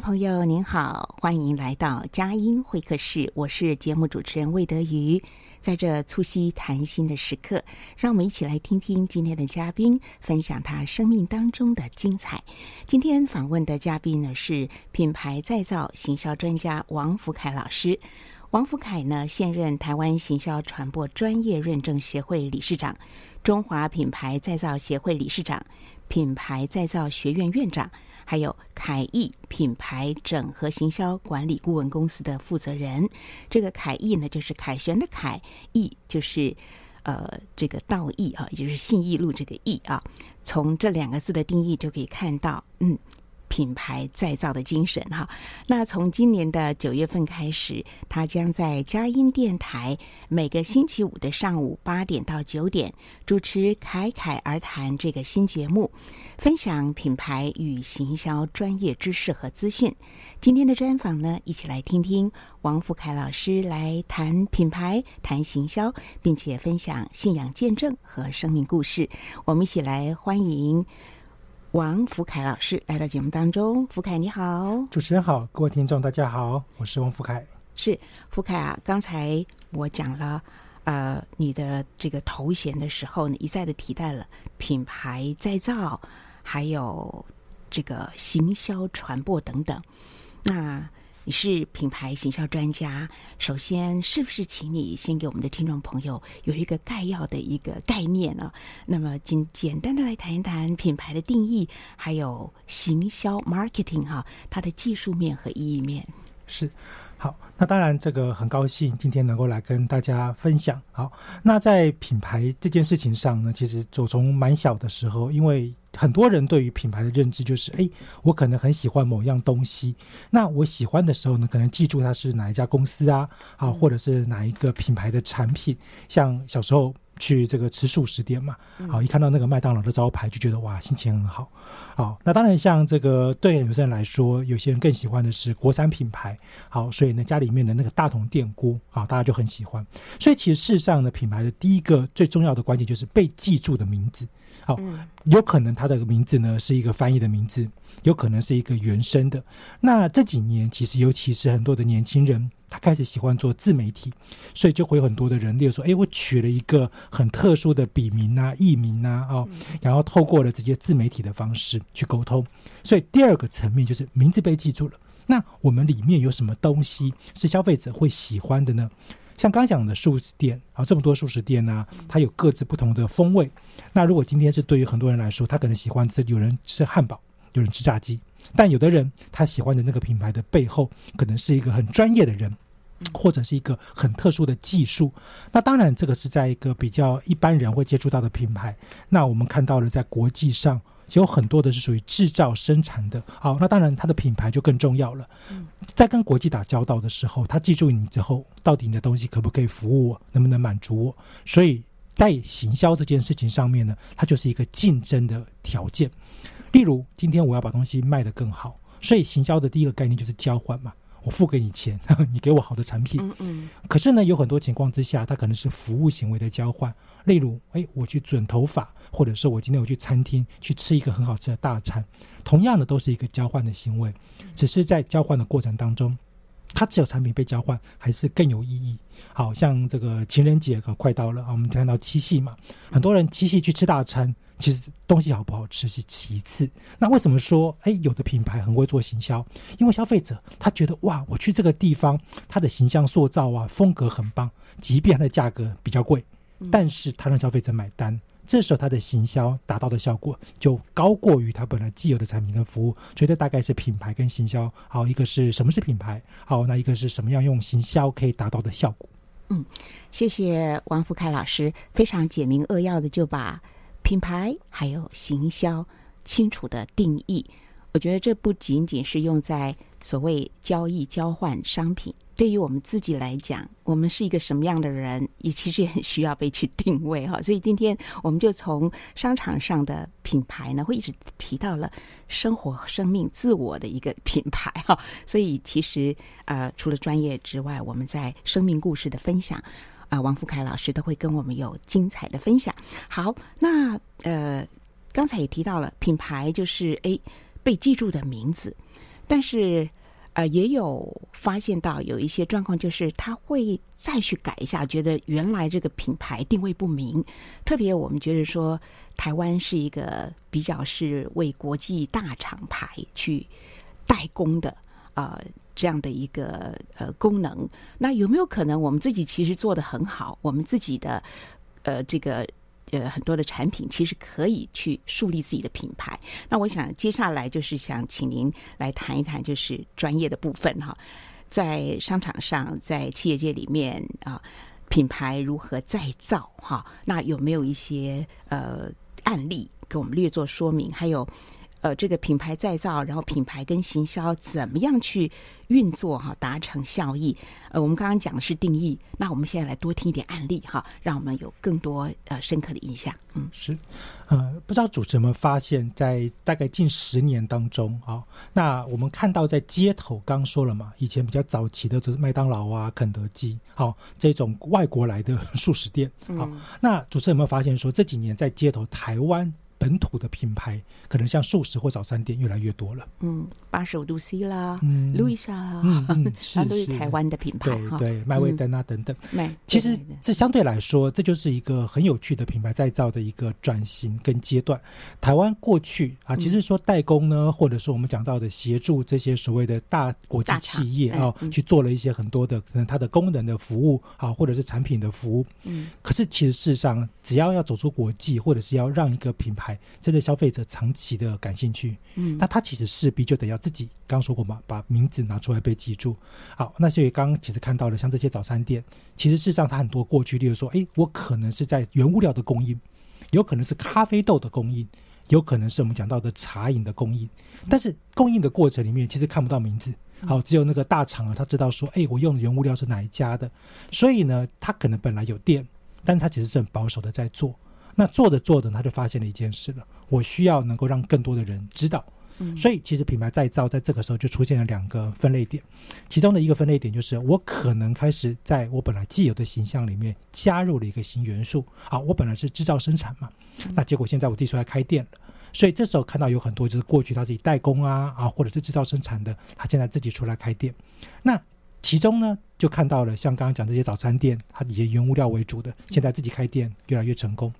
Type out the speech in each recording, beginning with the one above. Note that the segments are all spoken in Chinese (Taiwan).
朋友您好，歡迎來到佳音會客室。我是節目主持人魏德瑜。在這促膝談心的時刻，讓我們一起來聽聽今天的嘉賓分享他生命當中的精彩。今天訪問的嘉賓呢是品牌再造行銷專家王福闓老師。王福闓呢現任台灣行銷傳播專業認證協會理事長、中華品牌再造協會理事長、品牌再造學院院長。還有凱義品牌整合行銷管理顧問公司的負責人，這個“凱義”呢，就是凱旋的“凱”，義就是，呃，這個道義啊，也就是信義路這個“義”啊，從這兩個字的定義就可以看到，嗯。品牌再造的精神哈、啊。那從今年的九月份開始，他將在佳音電臺每個星期五的上午八點到九點主持《闓闓而談》這個新節目，分享品牌與行銷專業知識和資訊。今天的專訪呢，一起來聽聽王福闓老師來談品牌、談行銷，並且分享信仰見證和生命故事。我們一起來歡迎。王福闓老師來到節目當中，福闓你好，主持人好，各位聽眾大家好，我是王福闓。是福闓啊，剛才我講了呃你的這個頭銜的時候呢，一再的提到了品牌再造，還有這個行銷傳播等等，那。你是品牌行銷專家，首先是不是請你先給我們的聽眾朋友有一個概要的一個概念呢？那麼，簡簡單的來談一談品牌的定義，還有行銷 marketing 哈，它的技術面和意義面。是。那當然，這個很高興今天能夠來跟大家分享。好，那在品牌這件事情上呢，其實我從蠻小的時候，因為很多人對於品牌的認知就是，誒，我可能很喜歡某樣東西，那我喜歡的時候呢，可能記住它是哪一家公司啊，啊，或者是哪一個品牌的產品，像小時候。去這個吃素食店嘛，好、嗯啊，一看到那個麥當勞的招牌就覺得哇，心情很好。好、啊，那當然，像這個對有些人來說，有些人更喜歡的是國產品牌。好、啊，所以呢，家裡面的那個大同電鍋啊，大家就很喜歡。所以其實，事實上的品牌的第一個最重要的關鍵就是被記住的名字。好、啊嗯，有可能它的名字呢是一個翻譯的名字，有可能是一個原生的。那這幾年，其實尤其是很多的年輕人，開始喜歡做自媒體，所以就會有很多的人，例如說，哎，我取了一個很特殊的筆名啊、藝名啊，哦，然後透過了這些自媒體的方式去溝通。所以第二個層面就是名字被記住了。那我們裡面有什麼東西是消費者會喜歡的呢？像剛講的素食店啊，這麼多素食店啊，它有各自不同的風味。那如果今天是對於很多人來說，他可能喜歡吃，有人吃漢堡，有人吃炸雞，但有的人他喜歡的那個品牌的背後，可能是一個很專業的人。或者是一個很特殊的技術，那當然這個是在一個比較一般人會接觸到的品牌。那我們看到了，在國際上有很多的是屬於制造生產的。好，那當然它的品牌就更重要了。在跟國際打交道的時候，他記住你之後，到底你的東西可不可以服務我，能不能滿足我？所以在行銷這件事情上面呢，它就是一個競爭的條件。例如，今天我要把東西賣得更好，所以行銷的第一個概念就是交換嘛。我付給你錢，呵呵，你給我好的產品。嗯，嗯。可是呢，有很多情況之下，它可能是服務行為的交換。例如，誒，我去剪頭髮，或者是我今天我去餐廳去吃一個很好吃的大餐，同樣的都是一個交換的行為，只是在交換的過程當中，它只有產品被交換，還是更有意義。好像這個情人節，啊，快到了，啊，我們看到七夕嘛，很多人七夕去吃大餐。其實東西好不好吃是其次，那為什麼說哎，有的品牌很會做行銷？因為消費者他覺得哇，我去這個地方，它的形象塑造啊，風格很棒，即便它的價格比較貴，但是他讓消費者買單，這時候它的行銷達到的效果就高過於它本來既有的產品跟服務。所以這大概是品牌跟行銷，好，一個是什麼是品牌？好，那一個是什麼樣用行銷可以達到的效果？嗯，謝謝王福闓老師，非常簡明扼要的就把。品牌還有行銷清楚的定義，我覺得這不僅僅是用在所謂交易交換商品。對於我們自己來講，我們是一個什麼樣的人，也其實也很需要被去定位哈。所以今天我們就從商場上的品牌呢，會一直提到了生活、生命、自我的一個品牌哈。所以其實啊，呃，除了專業之外，我們在生命故事的分享。啊，王福闓老師都會跟我們有精彩的分享。好，那呃，剛才也提到了品牌就是哎被記住的名字，但是呃，也有發現到有一些狀況，就是他會再去改一下，覺得原來這個品牌定位不明。特別我們覺得說台灣是一個比較是為國際大廠牌去代工的啊。呃這樣的一個呃功能，那有沒有可能我們自己其實做得很好，我們自己的呃這個呃很多的產品其實可以去樹立自己的品牌？那我想接下來就是想請您來談一談，就是專業的部分哈，在商場上，在企業界裡面啊，品牌如何再造？哈，那有沒有一些呃案例給我們略作說明？還有？呃，這個品牌再造，然後品牌跟行銷怎麼樣去運作哈、啊，達成效益？呃、啊，我們剛剛講的是定義，那我們現在來多聽一點案例哈、啊，讓我們有更多呃、啊、深刻的印象。嗯，是，呃，不知道主持人有沒有發現，在大概近十年當中啊、哦，那我們看到在街頭，剛剛說了嘛，以前比較早期的就是麥當勞啊、肯德基，好、哦、這種外國來的速食店，好、嗯哦，那主持人有沒有發現說這幾年在街頭台灣？本土的品牌可能像素食或早餐店越來越多了。嗯，八十五度 C 啦，嗯，路易莎，嗯嗯，那 都是台灣的品牌。對，對，麥威登啊、嗯、等等。麥，其實這相對來說，這就是一個很有趣的品牌再造的一個轉型跟階段。台灣過去啊，其實說代工呢，嗯、或者是我們講到的協助這些所謂的大國際企業啊、欸哦嗯，去做了一些很多的可能它的功能的服務啊，或者是產品的服務。嗯。可是其實事實上，只要要走出國際，或者是要讓一個品牌，這對消費者長期的感興趣，嗯，那他其實勢必就得要自己，剛說過嘛，把名字拿出來被記住。好，那所以剛剛其實看到了，像這些早餐店，其實事實上它很多過去，例如說，哎、欸，我可能是在原物料的供應，有可能是咖啡豆的供應，有可能是我們講到的茶飲的供應，但是供應的過程裡面其實看不到名字，好，只有那個大廠啊他知道說，哎、欸，我用的原物料是哪一家的，所以呢，他可能本來有店，但他其實是很保守的在做。那做着做着，他就發現了一件事了，我需要能夠讓更多的人知道。所以其實品牌再造在這個時候就出現了兩個分類點，其中的一個分類點就是我可能開始在我本來既有的形象裡面加入了一個新元素。啊，我本來是製造生產嘛，那結果現在我自己出來開店了，所以這時候看到有很多就是過去他自己代工啊啊，或者是製造生產的，他現在自己出來開店，那。其中呢，就看到了像剛剛講這些早餐店，它，以些原物料為主的，現在自己開店越來越成功。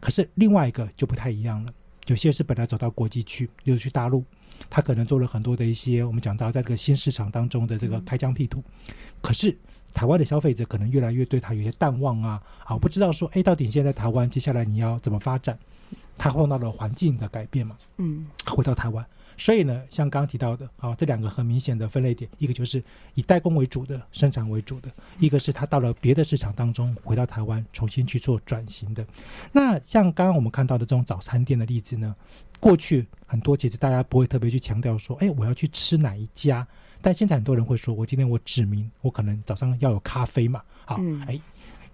可是另外一個就不太一樣了，有些是本來走到國際去，例如去大陸，他可能做了很多的一些我們講到在這個新市場當中的這個開疆闢土。可是台灣的消費者可能越來越對他有些淡忘啊，啊，不知道說誒，到底現在台灣接下來你要怎麼發展？他碰到了環境的改變嘛，嗯，回到台灣。所以呢，像剛剛提到的啊，這兩個很明顯的分類點，一個就是以代工為主的生產為主的，一個是他到了別的市場當中回到台灣重新去做轉型的。那像剛剛我們看到的這種早餐店的例子呢，過去很多其實大家不會特別去強調說，哎，我要去吃哪一家，但現在很多人會說，我今天我指明我可能早上要有咖啡嘛，好，誒，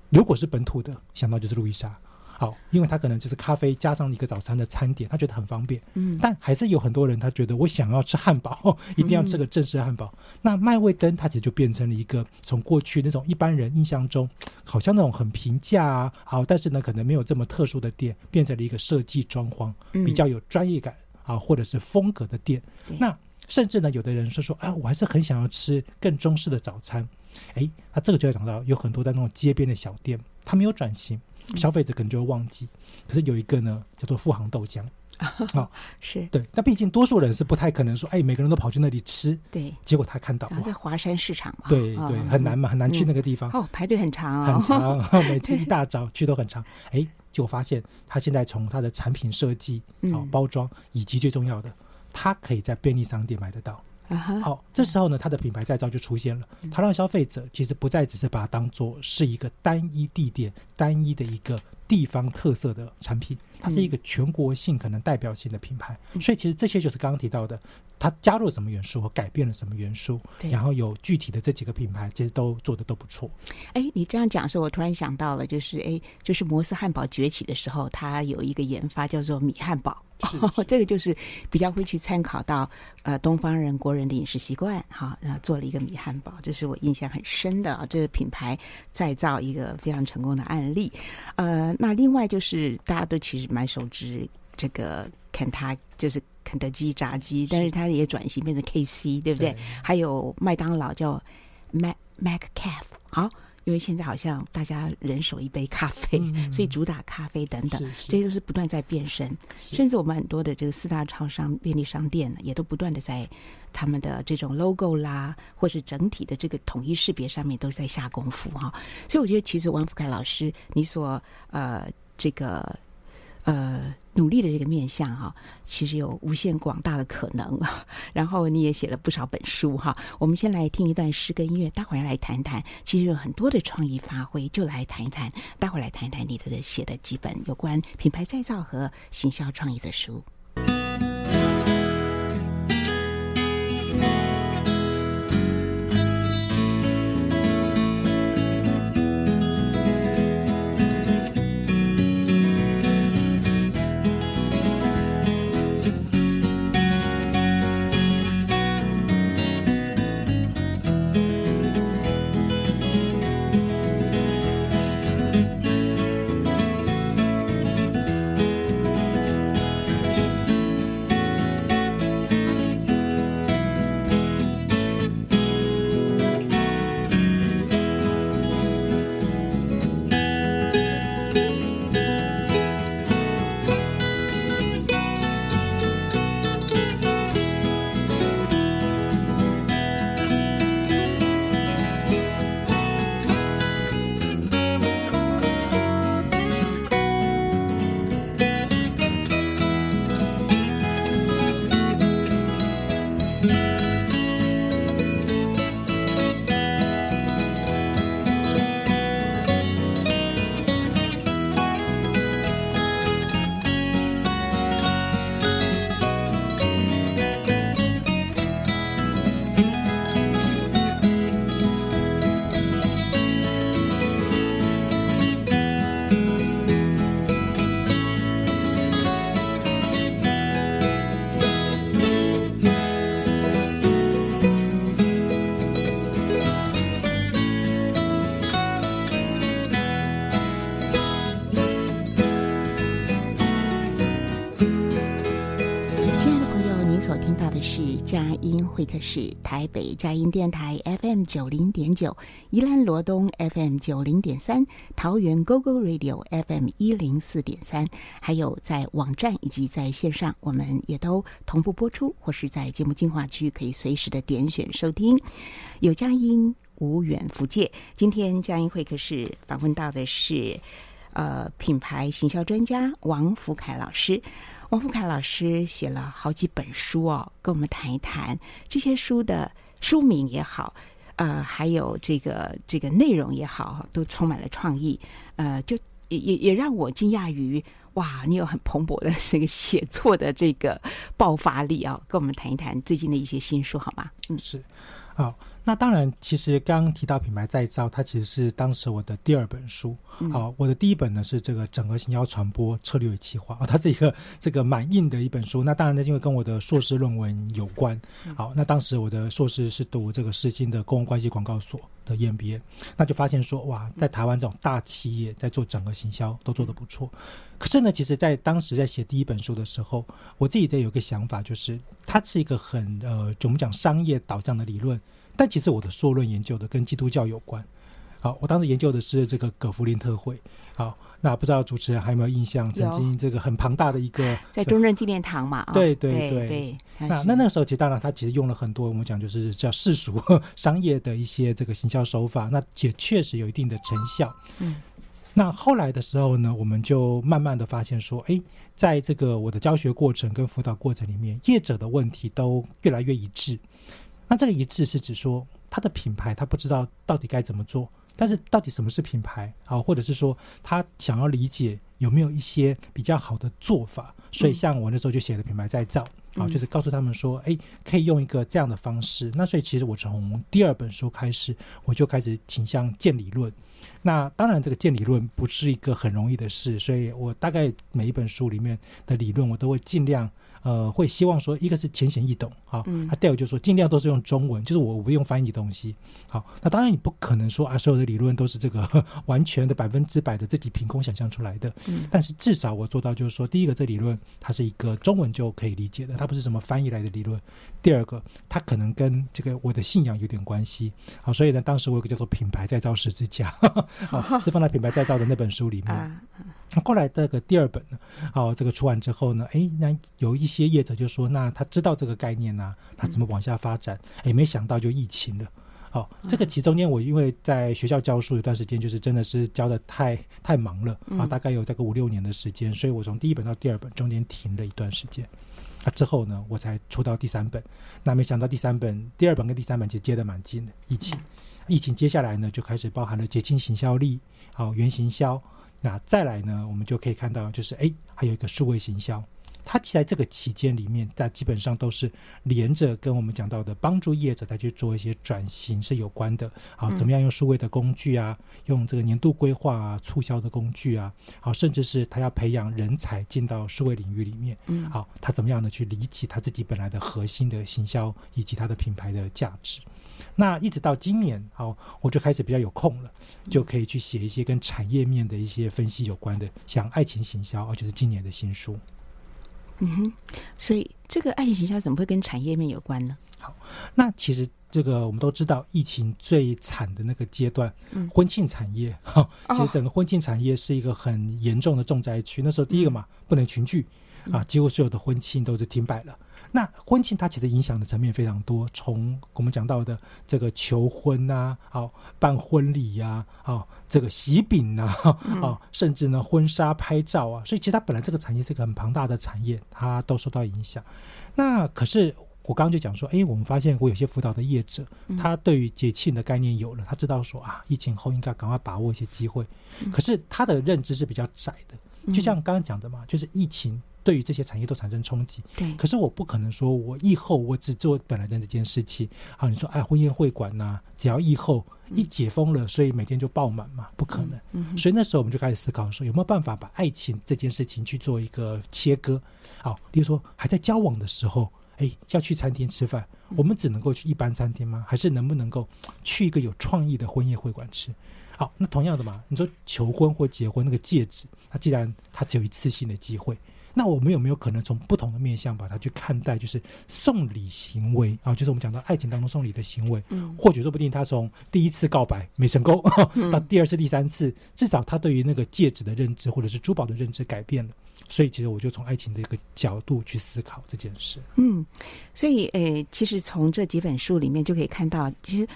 如果是本土的，想到就是路易莎。好，因為他可能就是咖啡加上一個早餐的餐點，他覺得很方便。嗯，但還是有很多人他覺得我想要吃漢堡，一定要吃個正式漢堡。嗯、那麥味登它其實就變成了一個從過去那種一般人印象中好像那種很平價啊，好，但是呢可能沒有這麼特殊的店，變成了一個設計裝潢比較有專業感、嗯、啊，或者是風格的店、嗯。那甚至呢，有的人說說啊，我還是很想要吃更中式的早餐。哎，那、啊、這個就要講到有很多在那種街邊的小店，它沒有轉型。嗯、消費者可能就會忘記，可是有一個呢，叫做阜杭豆漿，好、哦、是，對，但畢竟多數人是不太可能說，哎，每個人都跑去那裡吃，對，結果他看到在華山市場嘛，對對、嗯，很難嘛，很難去那個地方、嗯、哦，排隊很長啊、哦，很長，每次一大早去都很長， 哎，就發現他現在從他的產品設計、哦、包裝以及最重要的，他可以在便利商店買得到。Uh -huh, 好，這時候呢，它的品牌再造就出現了。它讓消費者其實不再只是把它當做是一個單一地點、單一的一個。地方特色的產品，它是一個全國性可能代表性的品牌，嗯、所以其實這些就是剛剛提到的，它加入了什麼元素和改變了什麼元素，然後有具體的這幾個品牌，其實都做得都不錯。哎，你這樣講的時候，我突然想到了，就是哎，就是摩斯漢堡崛起的時候，它有一個研發叫做米漢堡、哦，這個就是比較會去參考到呃東方人國人的飲食習慣，哈、哦，然後做了一個米漢堡，這是我印象很深的啊、哦，這個品牌再造一個非常成功的案例，呃。那另外就是大家都其實蠻熟知這個肯他就是肯德基炸雞，但是它也轉型變成 KC，對不對,對？還有麥當勞叫 Mac Mc Cafe，好。因為現在好像大家人手一杯咖啡，嗯嗯嗯，所以主打咖啡等等是，是，這些都是不斷在變身。是，是。甚至我們很多的這個四大超商便利商店呢，也都不斷的在他們的這種 logo 啦，或是整體的這個統一識別上面都在下功夫哈、啊。所以我覺得，其實王福闓老師，你所呃這個呃。努力的這個面向哈、啊，其實有無限廣大的可能。然後你也寫了不少本書哈、啊，我們先來聽一段詩跟音樂，待會兒來談一談。其實有很多的創意發揮，就來談一談，待會兒來談一談你的寫的幾本有關品牌再造和行銷創意的書。會客室，台北佳音電台 FM 九零點九，宜蘭羅東 FM 九零點三，桃園 GO GO Radio FM 一零四點三，還有在網站以及在線上，我們也都同步播出，或是在節目精華區可以隨時的點選收聽。有佳音，無遠弗屆。今天佳音會客室訪問到的是，呃，品牌行銷專家王福闓老師。王福闓老師寫了好幾本書哦，跟我們談一談這些書的書名也好，呃，還有這個這個內容也好，都充滿了創意。呃，就也也也讓我驚訝於哇，你有很蓬勃的這個寫作的這個爆發力啊！跟我們談一談最近的一些新書好嗎？嗯，是，好。那當然，其實剛提到品牌再造，它其實是當時我的第二本書。好，我的第一本呢是這個整合行銷傳播策略與計劃啊，哦，它是一個這個蠻硬的一本書。那當然呢，因為跟我的碩士論文有關。好，那當時我的碩士是讀這個世新的公共關係廣告所的 MBA，那就發現說，哇，在台灣這種大企業在做整合行銷都做得不錯。可是呢，其實在當時在寫第一本書的時候，我自己在有一個想法，就是它是一個很呃，怎麼講商業導向的理論。但其實我的碩論研究的跟基督教有關，好，我當時研究的是這個葛福臨特會，好，那不知道主持人還有沒有印象？曾經這個很龐大的一個、哦、在中正紀念堂嘛，對對對，對，對，對，那那那個時候，其實當然他其實用了很多我們講就是叫世俗商業的一些這個行銷手法，那也確實有一定的成效。嗯，那後來的時候呢，我們就慢慢的發現說，哎，在這個我的教學過程跟輔導過程裡面，業者的問題都越來越一致。那這個一致是指說他的品牌，他不知道到底該怎麼做。但是到底什麼是品牌啊？或者是說他想要理解有沒有一些比較好的做法？所以像我那時候就寫的品牌再造啊，就是告訴他們說，誒、欸，可以用一個這樣的方式。那所以其實我從第二本書開始，我就開始傾向建理論。那當然這個建理論不是一個很容易的事，所以我大概每一本書裡面的理論，我都會盡量呃，會希望說一個是淺顯易懂。啊，他第二就是說盡量都是用中文，就是我我不用翻譯的東西。好，那當然你不可能說啊，所有的理論都是這個完全的百分之百的自己憑空想象出來的。但是至少我做到就是說，第一個，這理論它是一個中文就可以理解的，它不是什麼翻譯來的理論。第二個，它可能跟這個我的信仰有點關係。好，所以呢，當時我有個叫做品牌再造十字架， 好，是放在品牌再造的那本書裡面。那後來這個第二本呢，好，這個出完之後呢，哎，那有一些業者就說，那他知道這個概念呢、啊。啊，它怎麼往下發展？也沒想到就疫情了。好、哦，這個其中間我因為在學校教書有段時間，就是真的是教的太太忙了啊，大概有這個五六年的時間，所以我從第一本到第二本中間停了一段時間那、啊、之後呢，我才出到第三本。那、啊、沒想到第三本、第二本跟第三本就接的蠻近的。疫情，疫情接下來呢就開始包含了節慶行銷力，好、哦，原行銷。那、啊、再來呢，我們就可以看到就是哎，還有一個數位行銷。他其實在這個期間裡面，他基本上都是連着跟我們講到的幫助業者他去做一些轉型是有關的。好、啊，怎麼樣用數位的工具啊？用這個年度規劃啊、促銷的工具啊？好、啊，甚至是他要培養人才進到數位領域裡面。好、啊，他怎麼樣的去理解他自己本來的核心的行銷以及他的品牌的價值？那一直到今年，好、啊，我就開始比較有空了，就可以去寫一些跟產業面的一些分析有關的，像愛情行銷，而、啊、且、就是今年的新書。嗯哼，所以這個愛情形象怎麼會跟產業面有關呢？好，那其實這個我們都知道，疫情最慘的那個階段，嗯、婚慶產業哈、哦，其實整個婚慶產業是一個很嚴重的重災區。那時候第一個嘛，嗯、不能群聚。啊，幾乎所有的婚慶都是停擺了。那婚慶它其實影響的層面非常多，從我們講到的這個求婚啊，好、哦、辦婚禮呀、啊，好、哦、這個喜餅啊、哦，甚至呢婚紗拍照啊，所以其實它本來這個產業是一個很龐大的產業，它都受到影響。那可是我剛剛就講說，哎、欸，我們發現我有些輔導的業者，他對於節慶的概念有了，他知道說啊，疫情後應該趕快把握一些機會。可是他的認知是比較窄的，就像剛剛講的嘛，就是疫情。對於這些產業都產生衝擊，對。可是我不可能說我以後我只做本來的這件事情啊。你說，哎，婚宴會館呢、啊？只要以後一解封了，所以每天就爆滿嘛，不可能、嗯。所以那時候我們就開始思考說，有沒有辦法把愛情這件事情去做一個切割？好、啊，比如說還在交往的時候，哎，要去餐廳吃飯，我們只能夠去一般餐廳嗎？還是能不能夠去一個有創意的婚宴會館吃？好、啊，那同樣的嘛，你說求婚或結婚那個戒指，那既然它只有一次性的機會。那我們有沒有可能從不同的面向把它去看待？就是送禮行為啊，就是我們講到愛情當中送禮的行為，嗯，或許說不定他從第一次告白沒成功，到第二次、第三次，至少他對於那個戒指的認知或者是珠寶的認知改變了。所以，其實我就從愛情的一個角度去思考這件事。嗯，所以，誒，其實從這幾本書裡面就可以看到，其實。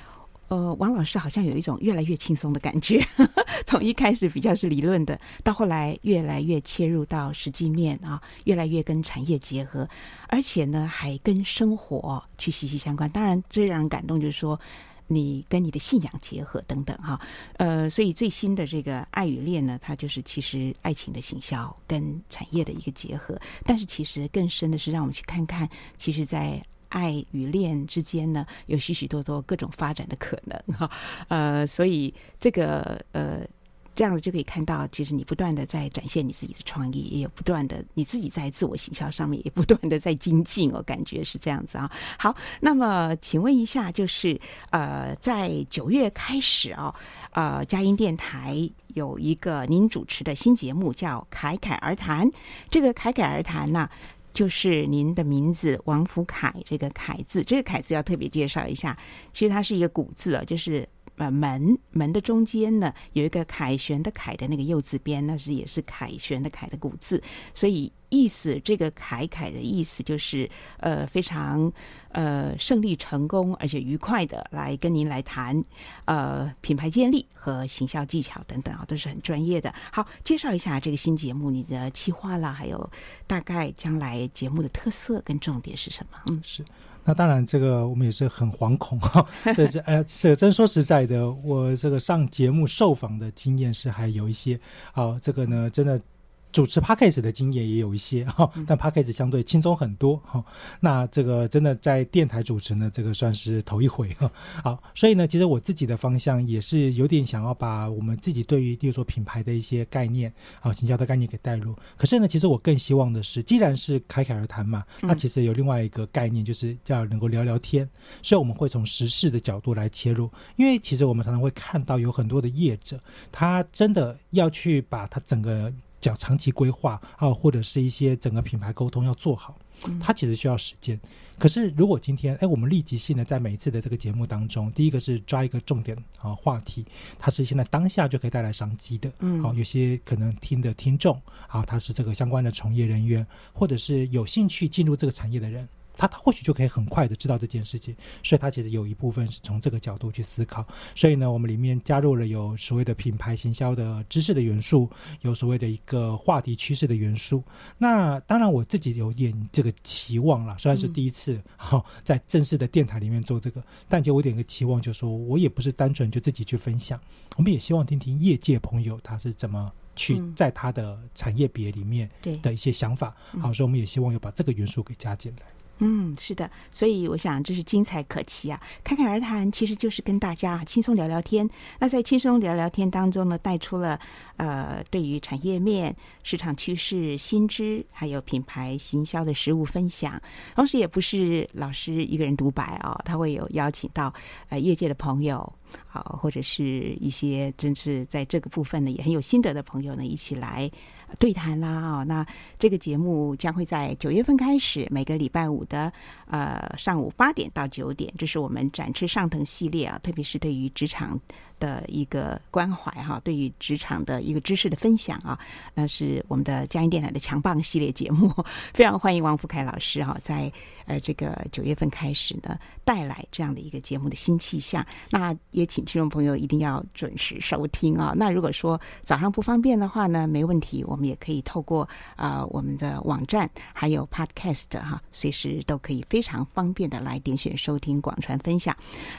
呃，王老師好像有一種越來越輕鬆的感覺呵呵，從一開始比較是理論的，到後來越來越切入到實際面啊、哦，越來越跟產業結合，而且呢還跟生活去息息相關。當然，最讓人感動就是說你跟你的信仰結合等等哈、哦。呃，所以最新的這個《愛與戀》呢，它就是其實愛情的行銷跟產業的一個結合，但是其實更深的是讓我們去看看，其實，在。愛與戀之間呢，有許許多多各種發展的可能哈、啊，呃，所以這個呃，這樣子就可以看到，其實你不斷地在展現你自己的創意，也有不斷的你自己在自我行銷上面也不斷地在精進哦，我感覺是這樣子啊。好，那麼請問一下，就是呃，在九月開始啊、哦，呃，佳音電臺有一個您主持的新節目叫《闓闓而談》，這個《闓闓而談、啊》呢。就是您的名字王福闓，這個「闓」字，這個「闓」字要特別介紹一下。其實它是一個古字啊，就是。把、呃、門門的中間呢，有一個凱旋的“凱”的那個右字邊，那是也是凱旋的“凱”的古字，所以意思這個“闓闓”的意思就是呃非常呃勝利成功而且愉快的來跟您來談呃品牌建立和行銷技巧等等啊、哦，都是很專業的。好，介紹一下這個新節目你的企劃啦，還有大概將來節目的特色跟重點是什麼？嗯，是。那當然，這個我們也是很惶恐哈、啊。這是呃、哎，是真說實在的，我這個上節目受訪的經驗是還有一些啊，這個呢，真的。主持 Podcast 的經驗也有一些，哦、但 Podcast 相對輕鬆很多哈、哦。那這個真的在電台主持呢，這個算是頭一回哈。好、哦，所以呢，其實我自己的方向也是有點想要把我們自己對於比如說品牌的一些概念行銷、哦、的概念給帶入。可是呢，其實我更希望的是，既然是闓闓而談嘛，那、啊、其實有另外一個概念就是叫能夠聊聊天，所以我們會從時事的角度來切入，因為其實我們常常會看到有很多的業者，他真的要去把他整個。叫長期規劃啊，或者是一些整個品牌溝通要做好，它其實需要時間。嗯、可是如果今天，哎，我們立即性的在每一次的這個節目當中，第一個是抓一個重點啊話題，它是現在當下就可以帶來商機的。啊、嗯。好，有些可能聽的聽眾啊，他是這個相關的從業人員，或者是有興趣進入這個產業的人。他他或許就可以很快的知道這件事情，所以他其實有一部分是從這個角度去思考。所以呢，我們裡面加入了有所謂的品牌行銷的知識的元素，有所謂的一個話題趨勢的元素。那當然我自己有點這個期望啦，雖然是第一次好在正式的電台裡面做這個，但就我有點個期望，就是說我也不是單純就自己去分享，我們也希望聽聽業界朋友他是怎麼去在他的產業別裡面的一些想法。好，所以我們也希望要把這個元素給加進來。嗯，是的，所以我想這是精彩可期啊！闓闓而談其實就是跟大家輕鬆聊聊天。那在輕鬆聊聊天當中呢，帶出了呃對於產業面、市場趨勢、新知，還有品牌行銷的實務分享。同時，也不是老師一個人獨白啊、哦，他會有邀請到呃業界的朋友啊、哦，或者是一些真是在這個部分呢也很有心得的朋友呢一起來對談啦，哦，那這個節目將會在九月份開始，每個禮拜五的呃上午八點到九點，這是我們展翅上騰系列啊，特別是對於職場。的一個關懷哈、啊，對於職場的一個知識的分享啊，那是我們的佳音電台的強棒系列節目，非常歡迎王福闓老師啊，在呃這個九月份開始呢，帶來這樣的一個節目的新氣象。那也請聽眾朋友一定要準時收聽啊。那如果說早上不方便的話呢，沒問題，我們也可以透過啊、呃、我們的網站還有 podcast 哈、啊，隨時都可以非常方便的來點選收聽、廣傳分享。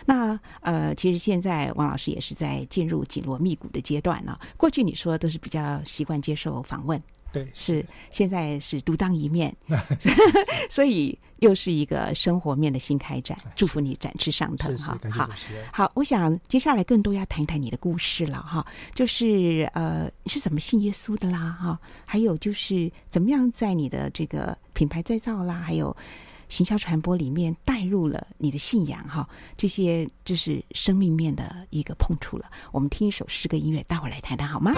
那呃，其實現在王老師也是。是在進入緊鑼密鼓的階段了、啊。過去你說都是比較習慣接受訪問，對，是，是現在是獨當一面， 所以又是一個生活面的新開展。祝福你展翅上騰哈、啊，好，好，好，好，好，我想接下來更多要談一談你的故事了哈、啊，就是呃，你是怎麼信耶穌的啦哈、啊，還有就是怎麼樣在你的這個品牌再造啦，還有。行銷傳播裡面帶入了你的信仰哈，這些就是生命面的一個碰觸了。我們聽一首詩歌音樂，待會兒來談談好嗎？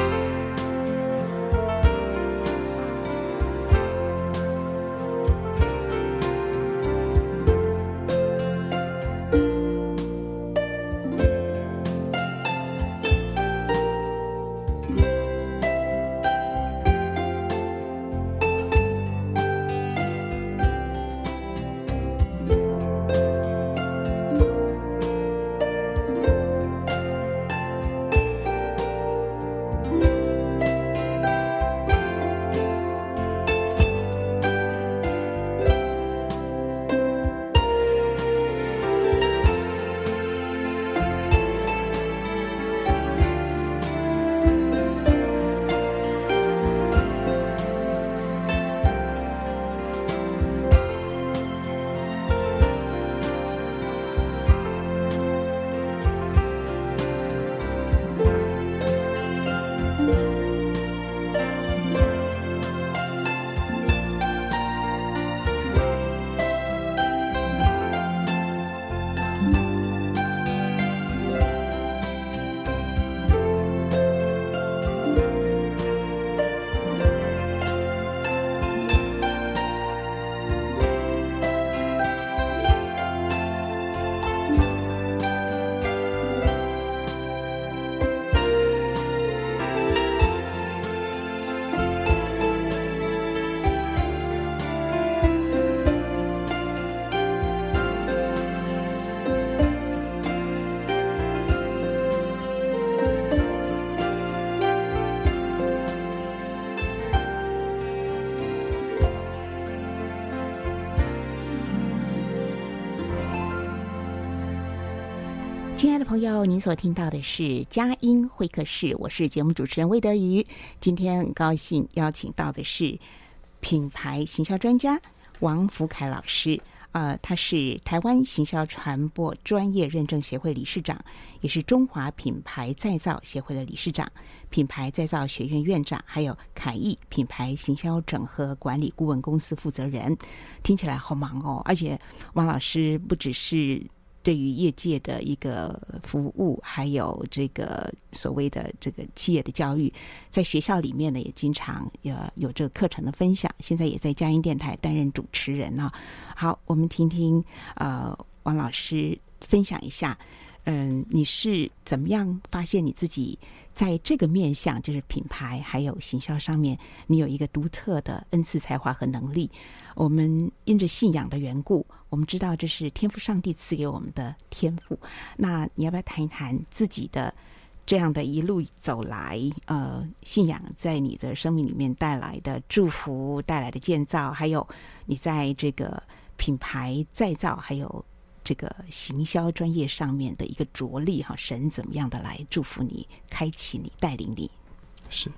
親愛的朋友，您所聽到的是《佳音會客室》，我是節目主持人魏德瑜。今天很高興邀請到的是品牌行銷專家王福闓老師。呃，他是台灣行銷傳播專業認證協會理事長，也是中華品牌再造協會的理事長、品牌再造學院院長，還有凱義品牌行銷整合管理顧問公司負責人。聽起來好忙哦，而且王老師不只是。對於業界的一個服務，還有這個所謂的這個企業的教育，在學校裡面呢，也經常呃有這個課程的分享。現在也在佳音電台擔任主持人呢、啊。好，我們聽聽呃王老師分享一下。嗯，你是怎麼樣發現你自己在這個面向，就是品牌還有行銷上面，你有一個獨特的恩賜才華和能力？我們因着信仰的緣故。我們知道這是天父上帝賜給我們的天賦。那你要不要談一談自己的這樣的一路走來？呃，信仰在你的生命裡面帶來的祝福，帶來的建造，還有你在這個品牌再造，還有這個行銷專業上面的一個着力哈，神怎麼樣的來祝福你，開啟你，帶領你？是。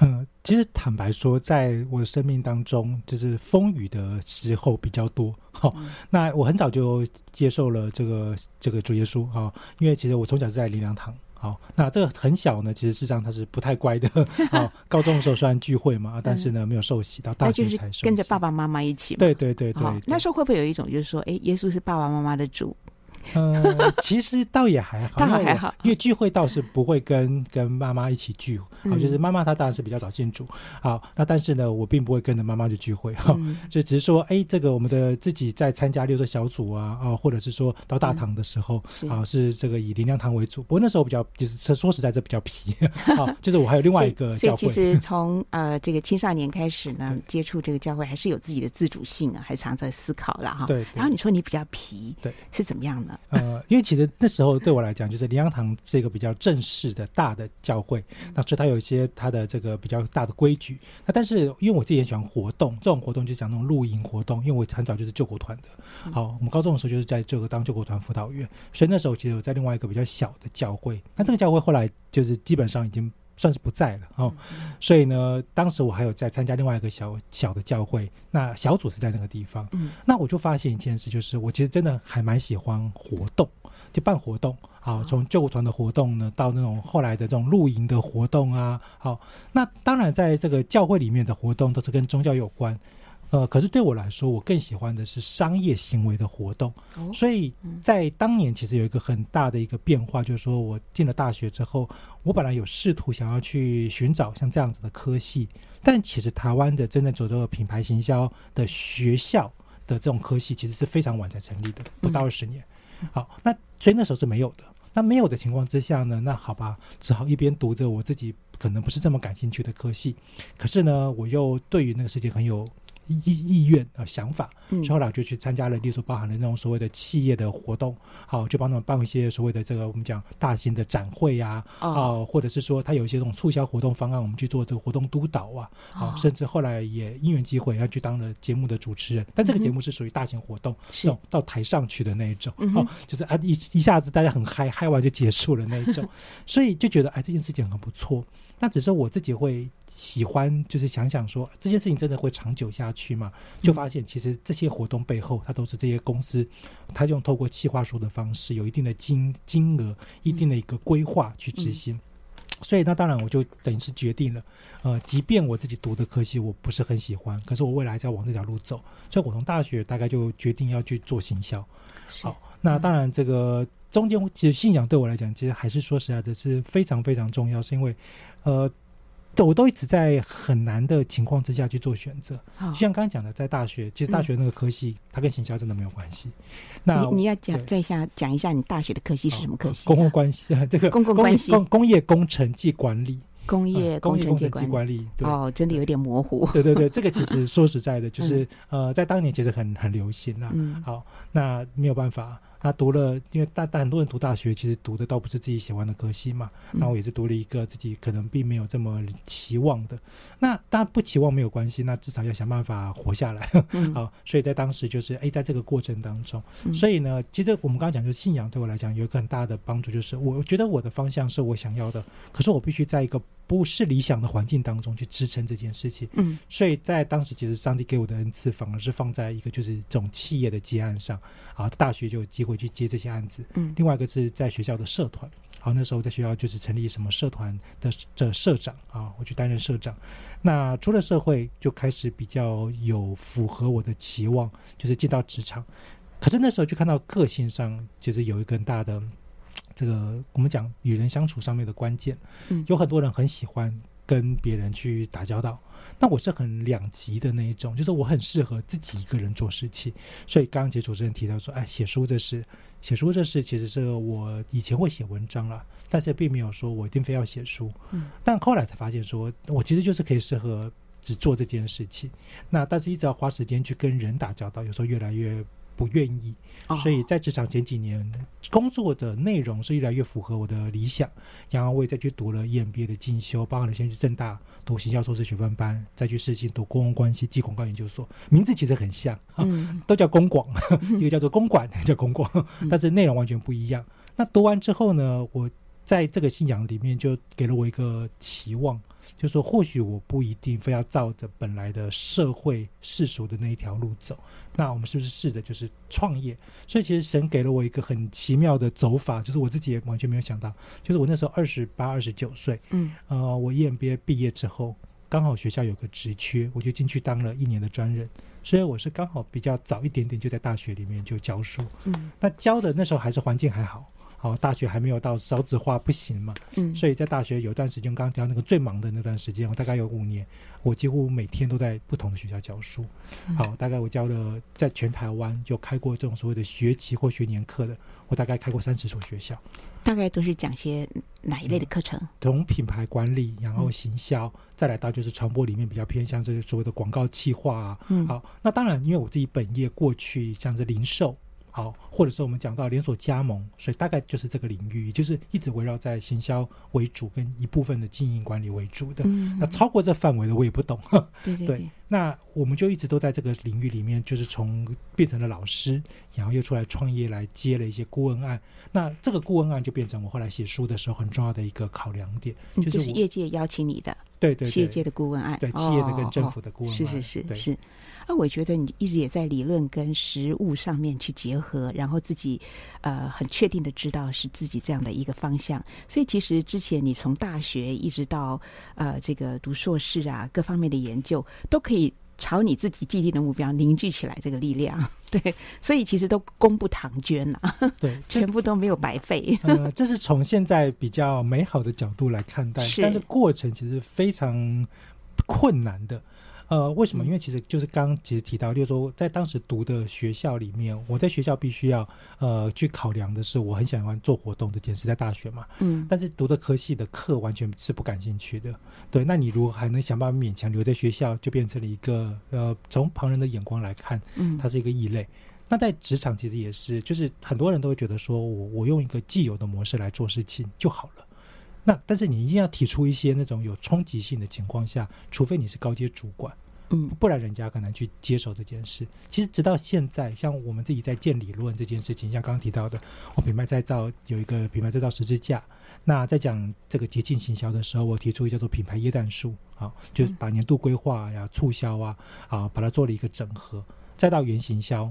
嗯，其實坦白說，在我的生命當中，就是風雨的時候比較多。好、哦嗯，那我很早就接受了這個這個主耶穌、哦、因為其實我從小是在靈糧堂。好、哦，那這個很小呢，其實事實上他是不太乖的。好、哦，高中的時候雖然聚會嘛， 但是呢沒有受洗、嗯、到大學才受洗、嗯、那就是跟着爸爸媽媽一起。對對對對，對、哦。那時候會不會有一種就是說，哎，耶穌是爸爸媽媽的主？ 嗯，其實倒也還好，倒還好，因為聚會倒是不會跟跟媽媽一起聚、嗯，好，就是媽媽她當然是比較早進組，好，那但是呢，我並不會跟着媽媽去聚會哈，就、哦嗯、只是說，哎、欸，這個我們的自己在參加六座小組啊啊、哦，或者是說到大堂的時候，啊、嗯哦，是這個以靈糧堂為主，不過那時候比較就是說實在，這比較皮，啊、哦，就是我還有另外一個教會 其實從呃這個青少年開始呢，接觸這個教會還是有自己的自主性啊，還是常在思考了哈，哦、對，對，對，然後你說你比較皮，對，是怎麼樣呢？ 呃，因為其實那時候對我來講，就是林陽堂是一個比較正式的大的教會， 那所以他有一些他的這個比較大的規矩。那但是因為我自己也喜歡活動，這種活動就講那種露營活動，因為我很早就是救國團的。好，我們高中的時候就是在這個當救國團輔導員，所以那時候其實我在另外一個比較小的教會，那這個教會後來就是基本上已經。算是不在了哦。嗯，所以呢，當時我還有在參加另外一個小小的教會，那小組是在那個地方。嗯，那我就發現一件事，就是我其實真的還蠻喜歡活動，就辦活動啊。好，從救國團的活動呢，到那種後來的這種露營的活動啊，好，那當然在這個教會裡面的活動都是跟宗教有關。呃，可是對我來說，我更喜歡的是商業行為的活動。所以在當年，其實有一個很大的一個變化，就是說我進了大學之後，我本來有試圖想要去尋找像這樣子的科系，但其實台灣的真正走到了品牌行銷的學校的這種科系，其實是非常晚才成立的，不到二十年。好，那所以那時候是沒有的。那沒有的情況之下呢，那好吧，只好一邊讀着我自己可能不是這麼感興趣的科系，可是呢，我又對於那個世界很有。意意願啊、呃、想法，嗯，之後呢就去參加了，例如說包含了那種所謂的企業的活動，好、呃，就幫他們辦一些所謂的這個我們講大型的展會呀、啊，啊、呃，或者是說他有一些這種促銷活動方案，我們去做這個活動督導啊，好、呃，甚至後來也因緣際會要去當了節目的主持人，但這個節目是屬於大型活動，是、嗯、到台上去的那一種，嗯、哦，就是啊一一下子大家很嗨、嗯，嗨完就結束了那一種， 所以就覺得哎這件事情很不錯。那只是我自己會喜歡，就是想想說這些事情真的會長久下去嘛。就發現其實這些活動背後，它都是這些公司，它用透過企劃書的方式，有一定的金金額，一定的一個規劃去執行。所以那當然，我就等於是決定了，呃，即便我自己讀的科系我不是很喜歡，可是我未來在往這條路走，所以我從大學大概就決定要去做行銷。好。那當然，這個中間其實信仰對我來講，其實還是說實在的，是非常非常重要，是因為，呃，我都一直在很難的情況之下去做選擇。就像剛剛講的，在大學，其實大學那個科系，它跟行銷真的沒有關係那。嗯。那你，你要講再想講一下，你大學的科系是什麼科系哦？公共關係，這個公共關係，公工工業工程及管理，工業、呃、工程及管理、嗯管理對，哦，真的有點模糊。對對對、對、對、對，這個其實說實在的， 就是呃，在當年其實很很流行啊。嗯。好，那沒有辦法。他讀了，因為大大很多人讀大學，其實讀的倒不是自己喜歡的科系嘛。那、嗯、我也是讀了一個自己可能並沒有這麼期望的。那當然不期望沒有關係，那至少要想辦法活下來。嗯、 好，所以在當時就是，誒、哎，在這個過程當中、嗯，所以呢，其實我們剛剛講，就是信仰對我來講有一個很大的幫助，就是我覺得我的方向是我想要的，可是我必須在一個。不是理想的環境當中去支撐這件事情，嗯，所以在當時，其實上帝給我的恩賜，反而是放在一個就是這種企業的接案上，啊，大學就有機會去接這些案子，嗯，另外一個是在學校的社團，好、啊，那時候在學校就是成立什麼社團的這社長，啊，我去擔任社長，那出了社會就開始比較有符合我的期望，就是進到職場，可是那時候就看到個性上就是有一個很大的。這個我們講與人相處上面的關鍵，嗯，有很多人很喜歡跟別人去打交道，那我是很兩極的那一種，就是我很適合自己一個人做事情。所以剛剛其實主持人提到說，哎，寫書這事，寫書這事其實是我以前會寫文章了，但是並沒有說我一定非要寫書，嗯，但後來才發現說，我其實就是可以適合只做這件事情，那但是一直要花時間去跟人打交道，有時候越來越。不願意，所以在職場前幾年、哦、工作的內容是越來越符合我的理想，然後我也再去讀了 EMBA 的進修，包含了先去政大讀行銷碩士學分班，再去世新讀公共關係暨廣告研究所，名字其實很像，啊嗯、都叫公廣，一 個叫做公管， 叫公廣，但是內容完全不一樣。那讀完之後呢，我。在這個信仰裡面，就給了我一個期望，就是說或許我不一定非要照着本來的社會世俗的那一條路走。那我們是不是試著，就是創業？所以其實神給了我一個很奇妙的走法，就是我自己也完全沒有想到。就是我那時候二十八、二十九歲，嗯，呃，我 EMBA 畢業之後，剛好學校有個職缺，我就進去當了一年的專任。所以我是剛好比較早一點點就在大學裡面就教書，嗯，那教的那時候還是環境還好。好、哦，大學還沒有到少子化不行嘛？嗯，所以在大學有一段時間，剛剛提到那個最忙的那段時間，我大概有五年，我幾乎每天都在不同的學校教書。好、嗯哦，大概我教了在全台灣就開過這種所謂的學期或學年課的，我大概開過三十所學校。大概都是講些哪一類的課程？從、嗯、品牌管理，然後行銷，嗯、再來到就是傳播裡面比較偏向這些所謂的廣告企劃啊。好、嗯哦，那當然，因為我自己本業過去像是零售。好，或者是我們講到連鎖加盟，所以大概就是這個領域，就是一直圍繞在行銷為主，跟一部分的經營管理為主的。嗯嗯，那超過這範圍的，我也不懂。對對，對對。那我們就一直都在這個領域裡面，就是從變成了老師，然後又出來創業，來接了一些顧問案。那這個顧問案就變成我後來寫書的時候很重要的一個考量點，就是，就是業界邀請你的。對，對，對，企業界的顧問案，對企業的跟政府的顧問、哦、是是是是。啊，我覺得你一直也在理論跟實務上面去結合，然後自己呃很確定的知道是自己這樣的一個方向。所以其實之前你從大學一直到呃這個讀碩士啊，各方面的研究都可以，朝你自己既定的目標凝聚起來，這個力量，對，所以其實都功不唐捐了，對，全部都沒有白費，呃。這是從現在比較美好的角度來看待，是，但是過程其實非常困難的。呃，為什麼？因為其實就是剛剛其實提到，就是說在當時讀的學校裡面，我在學校必須要呃去考量的是，我很喜歡做活動這件事，在大學嘛，嗯，但是讀的科系的課完全是不感興趣的，對。那你如果還能想辦法勉強留在學校，就變成了一個呃，從旁人的眼光來看，嗯，他是一個異類。嗯。那在職場其實也是，就是很多人都會覺得說我我用一個既有的模式來做事情就好了，那但是你一定要提出一些那種有衝擊性的情況下，除非你是高階主管。嗯，不然人家可能去接手這件事。其實直到現在，像我們自己在建理論這件事情，像剛剛提到的，我品牌再造有一個品牌再造十字架。那在講這個節慶行銷的時候，我提出一個叫做品牌耶誕樹，啊，就是把年度規劃呀、啊、促銷啊，啊，把它做了一個整合。再到原行銷，